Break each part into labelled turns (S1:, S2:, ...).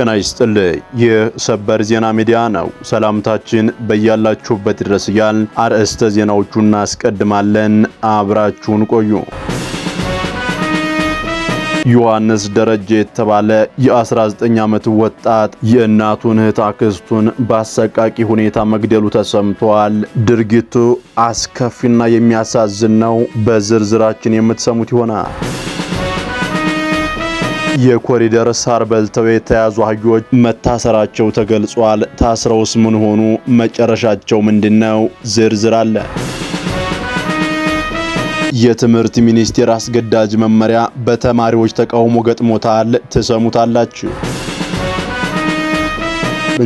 S1: ጤና ይስጥል። ሰበር ዜና ሚዲያ ነው። ሰላምታችን በያላችሁበት ድረስ እያል አርዕስተ ዜናዎቹን እናስቀድማለን። አብራችሁን ቆዩ። ዮሐንስ ደረጀ የተባለ የ19 ዓመት ወጣት የእናቱን እህት አክስቱን በአሰቃቂ ሁኔታ መግደሉ ተሰምቷል። ድርጊቱ አስከፊና የሚያሳዝን ነው። በዝርዝራችን የምትሰሙት ይሆናል። የኮሪደር ሳር በልተው የተያዙ አህዮች መታሰራቸው ተገልጿል። ታስረውስ ምን ሆኑ? መጨረሻቸው ምንድነው? ዝርዝር አለ። የትምህርት ሚኒስቴር አስገዳጅ መመሪያ በተማሪዎች ተቃውሞ ገጥሞታል። ትሰሙታላችሁ።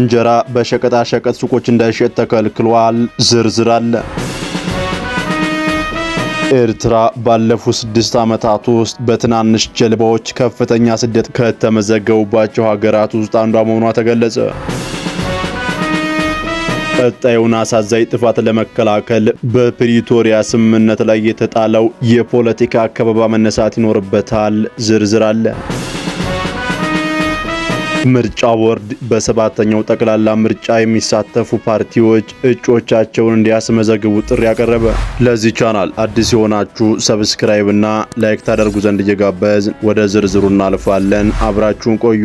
S1: እንጀራ በሸቀጣሸቀጥ ሱቆች እንዳይሸጥ ተከልክሏል። ዝርዝር አለ። ኤርትራ ባለፉት ስድስት ዓመታት ውስጥ በትናንሽ ጀልባዎች ከፍተኛ ስደት ከተመዘገቡባቸው ሀገራት ውስጥ አንዷ መሆኗ ተገለጸ። ቀጣዩን አሳዛኝ ጥፋት ለመከላከል በፕሪቶሪያ ስምምነት ላይ የተጣለው የፖለቲካ ከበባ መነሳት ይኖርበታል። ዝርዝር አለ። ምርጫ ቦርድ በሰባተኛው ጠቅላላ ምርጫ የሚሳተፉ ፓርቲዎች እጩዎቻቸውን እንዲያስመዘግቡ ጥሪ ያቀረበ። ለዚህ ቻናል አዲስ የሆናችሁ ሰብስክራይብ እና ላይክ ታደርጉ ዘንድ እየጋበዝ ወደ ዝርዝሩ እናልፋለን። አብራችሁን ቆዩ።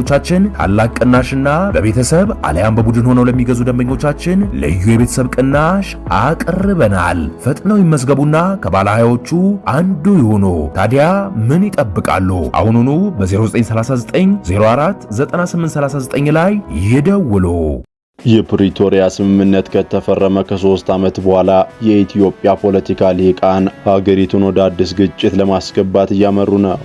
S2: ደንበኞቻችን ታላቅ ቅናሽና በቤተሰብ አሊያም በቡድን ሆነው ለሚገዙ ደንበኞቻችን ልዩ የቤተሰብ ቅናሽ አቅርበናል። ፈጥነው ይመዝገቡና ከባለ አንዱ ይሁኑ። ታዲያ ምን ይጠብቃሉ? አሁኑኑ በ0939 9839 ላይ ይደውሉ።
S1: የፕሪቶሪያ ስምምነት ከተፈረመ ከሶስት ዓመት በኋላ የኢትዮጵያ ፖለቲካ ሊቃን ሀገሪቱን ወደ አዲስ ግጭት ለማስገባት እያመሩ ነው።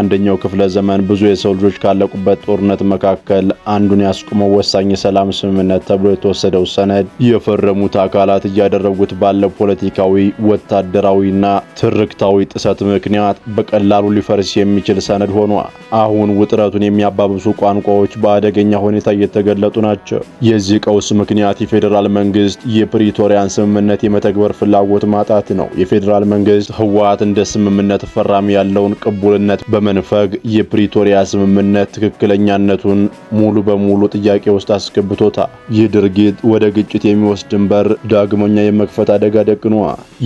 S1: አንደኛው ክፍለ ዘመን ብዙ የሰው ልጆች ካለቁበት ጦርነት መካከል አንዱን ያስቆመው ወሳኝ የሰላም ስምምነት ተብሎ የተወሰደው ሰነድ የፈረሙት አካላት እያደረጉት ባለው ፖለቲካዊ፣ ወታደራዊና ትርክታዊ ጥሰት ምክንያት በቀላሉ ሊፈርስ የሚችል ሰነድ ሆኗል። አሁን ውጥረቱን የሚያባብሱ ቋንቋዎች በአደገኛ ሁኔታ እየተገለጡ ናቸው። የዚህ ቀውስ ምክንያት የፌዴራል መንግስት የፕሪቶሪያን ስምምነት የመተግበር ፍላጎት ማጣት ነው። የፌዴራል መንግስት ህወሓት እንደ ስምምነት ፈራሚ ያለውን ቅቡልነት በመንፈግ የፕሪቶሪያ ስምምነት ትክክለኛነቱን ሙሉ በሙሉ ጥያቄ ውስጥ አስገብቶታል። ይህ ድርጊት ወደ ግጭት የሚወስድ ድንበር ዳግመኛ የመክፈት አደጋ ደቅኗ።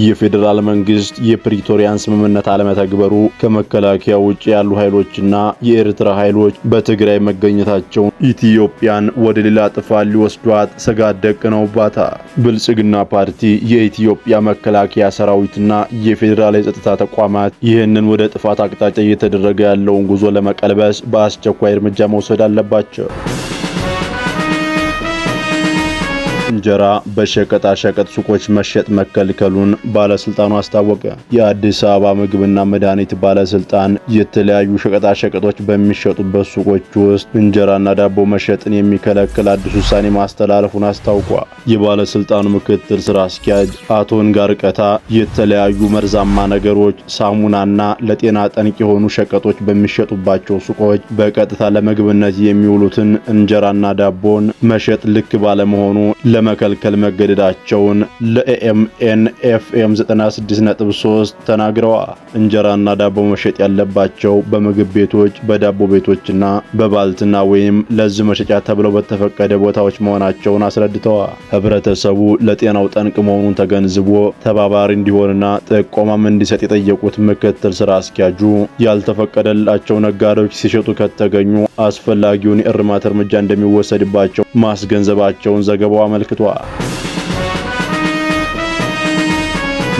S1: የፌዴራል መንግስት የፕሪቶሪያን ስምምነት አለመተግበሩ ከመከላከያ ውጭ ያሉ ኃይሎችና የኤርትራ ኃይሎች በትግራይ መገኘታቸውን ኢትዮጵያን ወደ ሌላ ጥፋት ሊወስዱ ወስዷት ስጋት ደቅነውባታል። ብልጽግና ፓርቲ የኢትዮጵያ መከላከያ ሰራዊትና የፌዴራል የጸጥታ ተቋማት ይህንን ወደ ጥፋት አቅጣጫ እየተደረገ ያለውን ጉዞ ለመቀልበስ በአስቸኳይ እርምጃ መውሰድ አለባቸው። እንጀራ በሸቀጣሸቀጥ ሱቆች መሸጥ መከልከሉን ባለስልጣኑ አስታወቀ። የአዲስ አበባ ምግብና መድኃኒት ባለስልጣን የተለያዩ ሸቀጣሸቀጦች በሚሸጡበት ሱቆች ውስጥ እንጀራና ዳቦ መሸጥን የሚከለክል አዲስ ውሳኔ ማስተላለፉን አስታውቋል። የባለስልጣኑ ምክትል ስራ አስኪያጅ አቶ ጋርቀታ፣ የተለያዩ መርዛማ ነገሮች፣ ሳሙናና ለጤና ጠንቅ የሆኑ ሸቀጦች በሚሸጡባቸው ሱቆች በቀጥታ ለምግብነት የሚውሉትን እንጀራና ዳቦን መሸጥ ልክ ባለመሆኑ ለመከልከል መገደዳቸውን ለኤኤምኤን ኤፍኤም 96.3 ተናግረዋል። እንጀራና ዳቦ መሸጥ ያለባቸው በምግብ ቤቶች፣ በዳቦ ቤቶችና በባልትና ወይም ለዚህ መሸጫ ተብለው በተፈቀደ ቦታዎች መሆናቸውን አስረድተዋል። ህብረተሰቡ ለጤናው ጠንቅ መሆኑን ተገንዝቦ ተባባሪ እንዲሆንና ጥቆማም እንዲሰጥ የጠየቁት ምክትል ስራ አስኪያጁ ያልተፈቀደላቸው ነጋዴዎች ሲሸጡ ከተገኙ አስፈላጊውን የእርማት እርምጃ እንደሚወሰድባቸው ማስገንዘባቸውን ዘገባው አመልክቷል።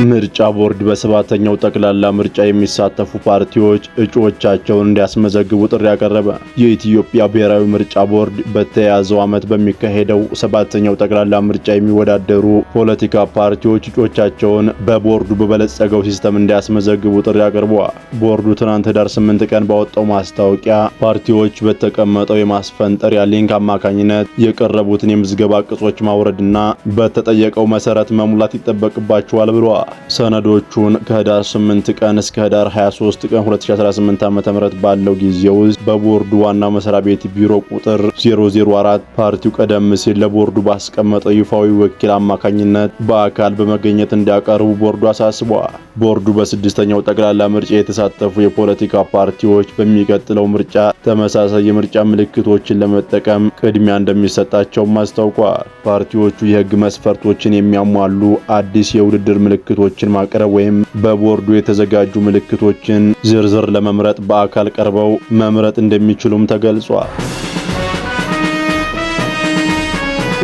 S1: ምርጫ ቦርድ በሰባተኛው ጠቅላላ ምርጫ የሚሳተፉ ፓርቲዎች እጩዎቻቸውን እንዲያስመዘግቡ ጥሪ ያቀረበ። የኢትዮጵያ ብሔራዊ ምርጫ ቦርድ በተያያዘው ዓመት በሚካሄደው ሰባተኛው ጠቅላላ ምርጫ የሚወዳደሩ ፖለቲካ ፓርቲዎች እጩዎቻቸውን በቦርዱ በበለጸገው ሲስተም እንዲያስመዘግቡ ጥሪ አቅርበዋል። ቦርዱ ትናንት ዳር 8 ቀን ባወጣው ማስታወቂያ ፓርቲዎች በተቀመጠው የማስፈንጠሪያ ሊንክ አማካኝነት የቀረቡትን የምዝገባ ቅጾች ማውረድና በተጠየቀው መሰረት መሙላት ይጠበቅባቸዋል ብለዋል። ሰነዶቹን ከህዳር 8 ቀን እስከ ህዳር 23 ቀን 2018 ዓ.ም ባለው ጊዜ ውስጥ በቦርዱ ዋና መስሪያ ቤት ቢሮ ቁጥር 004 ፓርቲው ቀደም ሲል ለቦርዱ ባስቀመጠው ይፋዊ ወኪል አማካኝነት በአካል በመገኘት እንዲያቀርቡ ቦርዱ አሳስቧል። ቦርዱ በስድስተኛው ጠቅላላ ምርጫ የተሳተፉ የፖለቲካ ፓርቲዎች በሚቀጥለው ምርጫ ተመሳሳይ የምርጫ ምልክቶችን ለመጠቀም ቅድሚያ እንደሚሰጣቸውም አስታውቋል። ፓርቲዎቹ የህግ መስፈርቶችን የሚያሟሉ አዲስ የውድድር ምልክቶችን ማቅረብ ወይም በቦርዱ የተዘጋጁ ምልክቶችን ዝርዝር ለመምረጥ በአካል ቀርበው መምረጥ እንደሚችሉም ተገልጿል።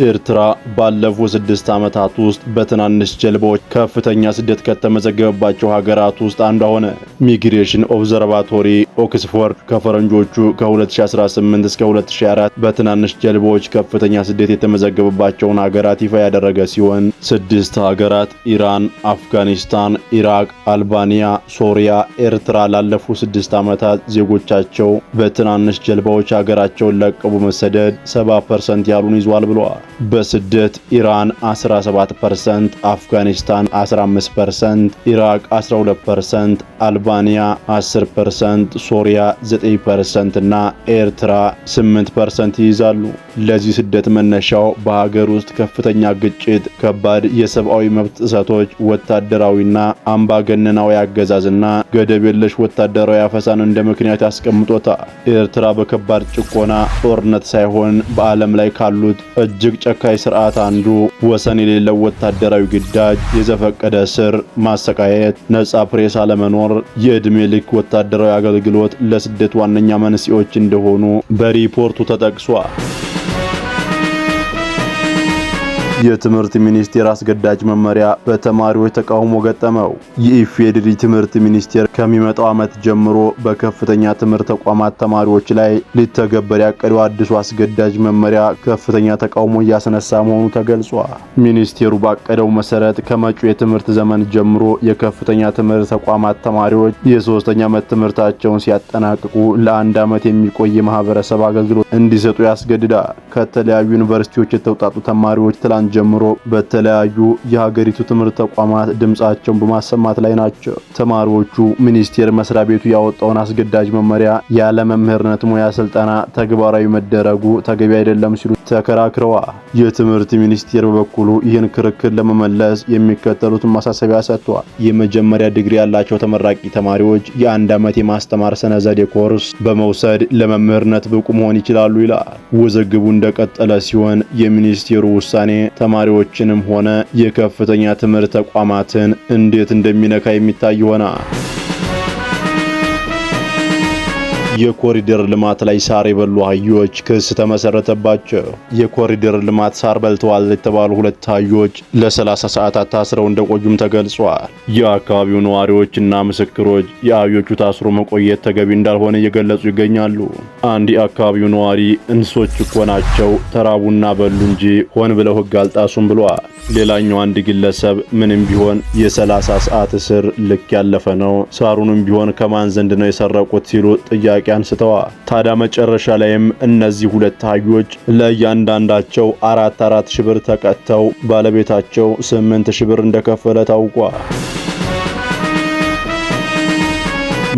S1: ኤርትራ ባለፉት ስድስት ዓመታት ውስጥ በትናንሽ ጀልባዎች ከፍተኛ ስደት ከተመዘገበባቸው ሀገራት ውስጥ አንዷ ሆነ። ሚግሬሽን ኦብዘርቫቶሪ ኦክስፎርድ ከፈረንጆቹ ከ2018 እስከ 2024 በትናንሽ ጀልባዎች ከፍተኛ ስደት የተመዘገበባቸውን ሀገራት ይፋ ያደረገ ሲሆን ስድስት ሀገራት ኢራን፣ አፍጋኒስታን፣ ኢራቅ፣ አልባኒያ፣ ሶሪያ፣ ኤርትራ ላለፉት ስድስት ዓመታት ዜጎቻቸው በትናንሽ ጀልባዎች ሀገራቸውን ለቀው በመሰደድ 70 ፐርሰንት ያሉን ይዟል ብለዋል። በስደት ኢራን 17%፣ አፍጋኒስታን 15%፣ ኢራቅ 12%፣ አልባንያ 10%፣ ሶሪያ 9% እና ኤርትራ 8% ይይዛሉ። ለዚህ ስደት መነሻው በሀገር ውስጥ ከፍተኛ ግጭት፣ ከባድ የሰብአዊ መብት ጥሰቶች፣ ወታደራዊና አምባገነናዊ አገዛዝና ገደብ የለሽ ወታደራዊ አፈሳን እንደ ምክንያት ያስቀምጦታል። ኤርትራ በከባድ ጭቆና ጦርነት ሳይሆን በዓለም ላይ ካሉት እጅግ የጨካኝ ስርዓት አንዱ ወሰን የሌለው ወታደራዊ ግዳጅ፣ የዘፈቀደ ስር ማሰቃየት፣ ነጻ ፕሬስ አለመኖር፣ የዕድሜ ልክ ወታደራዊ አገልግሎት ለስደት ዋነኛ መንስኤዎች እንደሆኑ በሪፖርቱ ተጠቅሷል። የትምህርት ሚኒስቴር አስገዳጅ መመሪያ በተማሪዎች ተቃውሞ ገጠመው። የኢፌዴሪ ትምህርት ሚኒስቴር ከሚመጣው ዓመት ጀምሮ በከፍተኛ ትምህርት ተቋማት ተማሪዎች ላይ ሊተገበር ያቀደው አዲሱ አስገዳጅ መመሪያ ከፍተኛ ተቃውሞ እያስነሳ መሆኑ ተገልጿል። ሚኒስቴሩ ባቀደው መሰረት ከመጪው የትምህርት ዘመን ጀምሮ የከፍተኛ ትምህርት ተቋማት ተማሪዎች የሶስተኛ ዓመት ትምህርታቸውን ሲያጠናቅቁ ለአንድ ዓመት የሚቆይ የማህበረሰብ አገልግሎት እንዲሰጡ ያስገድዳል። ከተለያዩ ዩኒቨርሲቲዎች የተውጣጡ ተማሪዎች ትላንት ጀምሮ በተለያዩ የሀገሪቱ ትምህርት ተቋማት ድምፃቸውን በማሰማት ላይ ናቸው። ተማሪዎቹ ሚኒስቴር መስሪያ ቤቱ ያወጣውን አስገዳጅ መመሪያ ያለ መምህርነት ሙያ ስልጠና ተግባራዊ መደረጉ ተገቢ አይደለም ሲሉ ተከራክረዋል። የትምህርት ሚኒስቴር በበኩሉ ይህን ክርክር ለመመለስ የሚከተሉትን ማሳሰቢያ ሰጥቷል። የመጀመሪያ ዲግሪ ያላቸው ተመራቂ ተማሪዎች የአንድ ዓመት የማስተማር ስነ ዘዴ ኮርስ በመውሰድ ለመምህርነት ብቁ መሆን ይችላሉ ይላል። ውዝግቡ እንደቀጠለ ሲሆን የሚኒስቴሩ ውሳኔ ተማሪዎችንም ሆነ የከፍተኛ ትምህርት ተቋማትን እንዴት እንደሚነካ የሚታይ ይሆናል። የኮሪደር ልማት ላይ ሳር የበሉ አህዮች ክስ ተመሰረተባቸው። የኮሪደር ልማት ሳር በልተዋል የተባሉ ሁለት አህዮች ለ30 ሰዓታት ታስረው እንደቆዩም ተገልጿል። የአካባቢው እና ምስክሮች የአህዮቹ ታስሮ መቆየት ተገቢ እንዳልሆነ እየገለጹ ይገኛሉ። አንድ የአካባቢው ነዋሪ እንስሶች እኮ ናቸው ተራቡና በሉ እንጂ ሆን ብለው ህግ አልጣሱም ብሏል። ሌላኛው አንድ ግለሰብ ምንም ቢሆን የ30 ሰዓት እስር ልክ ያለፈ ነው፣ ሳሩንም ቢሆን ከማን ዘንድ ነው የሰረቁት ሲሉ ጥያቄ ጥያቄ አንስተዋል። ታዲያ መጨረሻ ላይም እነዚህ ሁለት አህዮች ለእያንዳንዳቸው አራት አራት ሽብር ብር ተቀጥተው ባለቤታቸው ስምንት ሺህ ብር እንደከፈለ ታውቋል።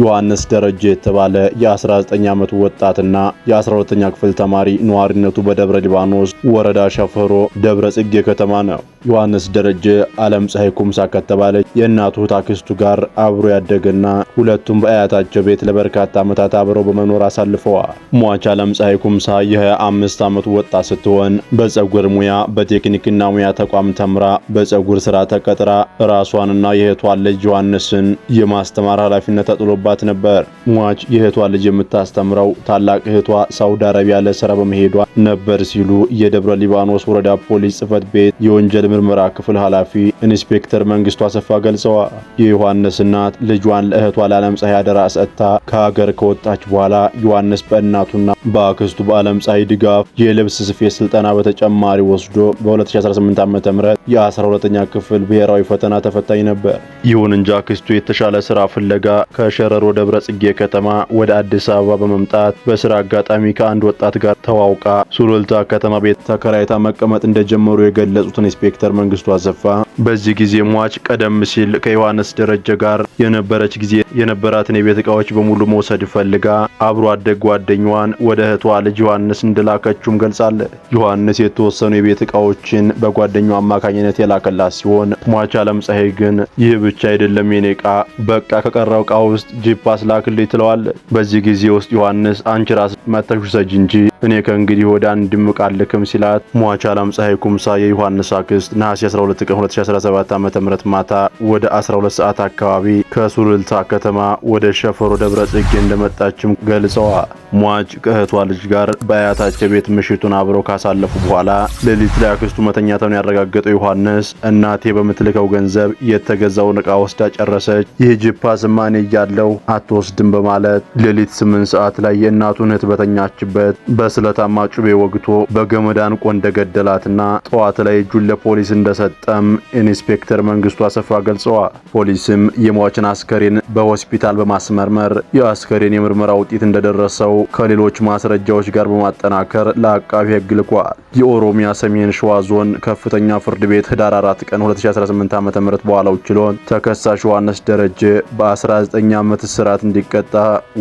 S1: ዮሐንስ ደረጀ የተባለ የ19 ዓመቱ ወጣትና የ12ኛ ክፍል ተማሪ ነዋሪነቱ በደብረ ሊባኖስ ወረዳ ሸፈሮ ደብረ ጽጌ ከተማ ነው። ዮሐንስ ደረጀ ዓለም ፀሐይ ኩምሳ ከተባለች የእናቱ ታክስቱ ጋር አብሮ ያደገና ሁለቱም በአያታቸው ቤት ለበርካታ ዓመታት አብረው በመኖር አሳልፈዋል። ሟች ዓለም ፀሐይ ኩምሳ የ25 ዓመቱ ወጣት ስትሆን በፀጉር ሙያ በቴክኒክና ሙያ ተቋም ተምራ በፀጉር ስራ ተቀጥራ ራሷንና የእህቷን ልጅ ዮሐንስን የማስተማር ኃላፊነት ተጥሎባት ነበር። ሟች የእህቷ ልጅ የምታስተምረው ታላቅ እህቷ ሳውዲ አረቢያ ለስራ በመሄዷ ነበር ሲሉ የደብረ ሊባኖስ ወረዳ ፖሊስ ጽፈት ቤት የወንጀል ምርመራ ክፍል ኃላፊ ኢንስፔክተር መንግስቱ አሰፋ ገልጸዋል። የዮሐንስ እናት ልጇን ለእህቷ ለዓለም ፀሐይ አደራ ሰጥታ ከሀገር ከወጣች በኋላ ዮሐንስ በእናቱና በአክስቱ በዓለም ፀሐይ ድጋፍ የልብስ ስፌት ስልጠና በተጨማሪ ወስዶ በ2018 ዓ ም የ12ኛ ክፍል ብሔራዊ ፈተና ተፈታኝ ነበር። ይሁን እንጂ አክስቱ የተሻለ ስራ ፍለጋ ከሸረሮ ደብረ ጽጌ ከተማ ወደ አዲስ አበባ በመምጣት በስራ አጋጣሚ ከአንድ ወጣት ጋር ተዋውቃ ሱሉልታ ከተማ ቤት ተከራይታ መቀመጥ እንደጀመሩ የገለጹት ኢንስፔክተር ዶክተር መንግስቱ አሰፋ በዚህ ጊዜ ሟች ቀደም ሲል ከዮሐንስ ደረጀ ጋር የነበረች ጊዜ የነበራትን የቤት እቃዎች በሙሉ መውሰድ ፈልጋ አብሮ አደግ ጓደኛዋን ወደ እህቷ ልጅ ዮሐንስ እንደላከችውም ገልጻለ። ዮሐንስ የተወሰኑ የቤት እቃዎችን በጓደኛው አማካኝነት የላከላት ሲሆን ሟች አለም ፀሐይ ግን ይህ ብቻ አይደለም የኔ እቃ፣ በቃ ከቀረው እቃ ውስጥ ጂፓስ ላክልኝ ትለዋለች። በዚህ ጊዜ ውስጥ ዮሐንስ አንቺ ራስ መተሽ ውሰጅ እንጂ እኔ ከእንግዲህ ወደ አንድም እቃ አልክም ሲላት ሟች አለም ፀሐይ ኩምሳ የዮሐንስ አክስት ነሐሴ 12 ቀን 2017 ዓ.ም ማታ ወደ 12 ሰዓት አካባቢ ከሱሉልታ ከተማ ወደ ሸፈሮ ደብረ ጽጌ እንደመጣችም ገልጸዋል። ሟች ከእህቷ ልጅ ጋር በአያታቸው ቤት ምሽቱን አብረው ካሳለፉ በኋላ ሌሊት ላይ አክስቱ መተኛተውን ያረጋገጠው ዮሐንስ እናቴ በምትልከው ገንዘብ የተገዛውን እቃ ወስዳ ጨረሰች፣ ይህ ጅፓ ማኔ እያለው አትወስድም በማለት ሌሊት 8 ሰዓት ላይ የእናቱን እህት በተኛችበት በስለታማ ጩቤ ወግቶ በገመድ አንቆ እንደገደላትና ጠዋት ላይ እጁን ለፖ ፖሊስ እንደሰጠም ኢንስፔክተር መንግስቱ አሰፋ ገልጸዋል። ፖሊስም የሟችን አስከሬን በሆስፒታል በማስመርመር የአስከሬን የምርመራ ውጤት እንደደረሰው ከሌሎች ማስረጃዎች ጋር በማጠናከር ለአቃቢ ሕግ ልኳል። የኦሮሚያ ሰሜን ሸዋ ዞን ከፍተኛ ፍርድ ቤት ህዳር 4 ቀን 2018 ዓ.ም በዋለው ችሎት ተከሳሽ ዮሐንስ ደረጀ በ19 ዓመት እስራት እንዲቀጣ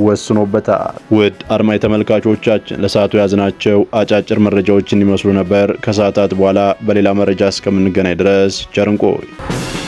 S1: ወስኖበታል። ውድ አድማጭ ተመልካቾቻችን ለሰዓቱ ያዝናቸው አጫጭር መረጃዎች እንዲመስሉ ነበር። ከሰዓታት በኋላ በሌላ መረጃ እስከምንገናኝ ድረስ ቸር